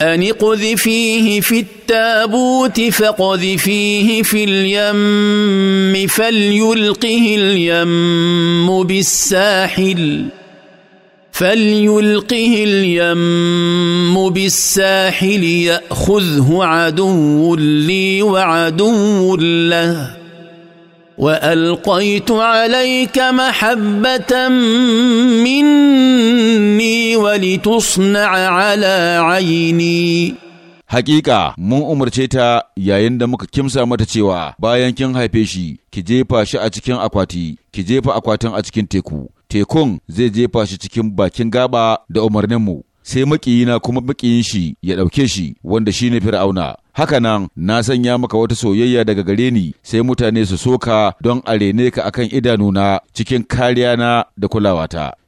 أن اقذفيه في التابوت فاقذفيه في اليم فليلقه اليم بالساحل فليلقه اليم بالساحل يأخذه عدو لي وعدو له وألقيت عليك محبة مني Hakika mun umarce ta yayin da muka kimsa mata cewa bayan kin haife shi ki jefa shi a cikin akwati ki jefa akwatin a cikin teku tekun zai jefa shi cikin bakin gaba da umarninmu sai makiyina kuma makiyin shi ya ɗauke shi wanda shi ne fir'auna hakanan na sanya maka wata soyayya daga gare ni sai mutane su soka don a rene ka akan idanuna cikin kariyana da kulawata